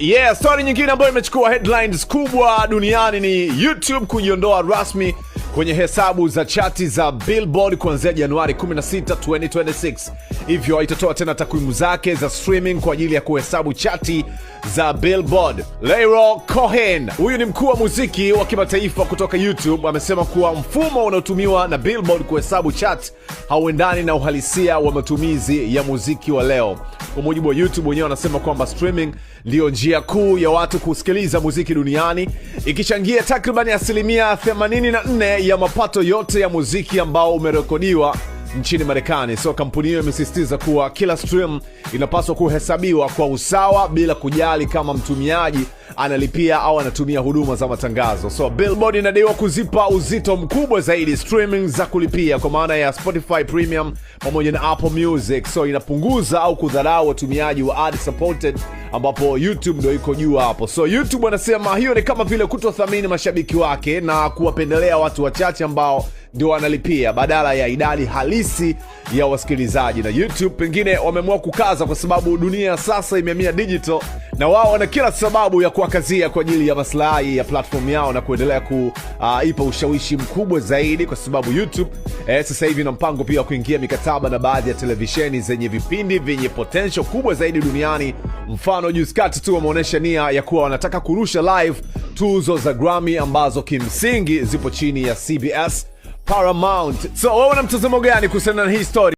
Yeah, stori nyingine ambayo imechukua headlines kubwa duniani ni YouTube kujiondoa rasmi kwenye hesabu za chati za Billboard kuanzia Januari 16, 2026. Hivyo haitatoa tena takwimu zake za streaming kwa ajili ya kuhesabu chati za Billboard. Leroy Cohen, huyu ni mkuu wa muziki wa kimataifa kutoka YouTube, amesema kuwa mfumo unaotumiwa na Billboard kuhesabu chat hauendani na uhalisia wa matumizi ya muziki wa leo. Kwa mujibu wa YouTube wenyewe, wanasema kwamba streaming ndiyo njia kuu ya watu kusikiliza muziki duniani, ikichangia takribani asilimia 84 ya mapato yote ya muziki ambao umerekodiwa nchini Marekani. So kampuni hiyo imesisitiza kuwa kila stream inapaswa kuhesabiwa kwa usawa bila kujali kama mtumiaji analipia au anatumia huduma za matangazo. So Billboard inadaiwa kuzipa uzito mkubwa zaidi streaming za kulipia kwa maana ya Spotify Premium pamoja na Apple Music. So inapunguza au kudharau watumiaji wa ad supported, ambapo YouTube ndio iko juu hapo. So YouTube wanasema hiyo ni kama vile kutothamini mashabiki wake na kuwapendelea watu wachache ambao ndio wanalipia badala ya idadi halisi ya wasikilizaji, na YouTube pengine wameamua kukaza, kwa sababu dunia sasa imeamia digital, na wao wana kila sababu ya kuwakazia kwa ajili ya maslahi ya platform yao na kuendelea kuipa uh, ushawishi mkubwa zaidi, kwa sababu YouTube eh, sasa hivi ina mpango pia wa kuingia mikataba na baadhi ya televisheni zenye vipindi vyenye potential kubwa zaidi duniani. Mfano, juzi tu wameonyesha nia ya kuwa wanataka kurusha live tuzo za Grammy ambazo kimsingi zipo chini ya CBS Paramount. So wewe una mtazamo gani kuhusiana na hii story?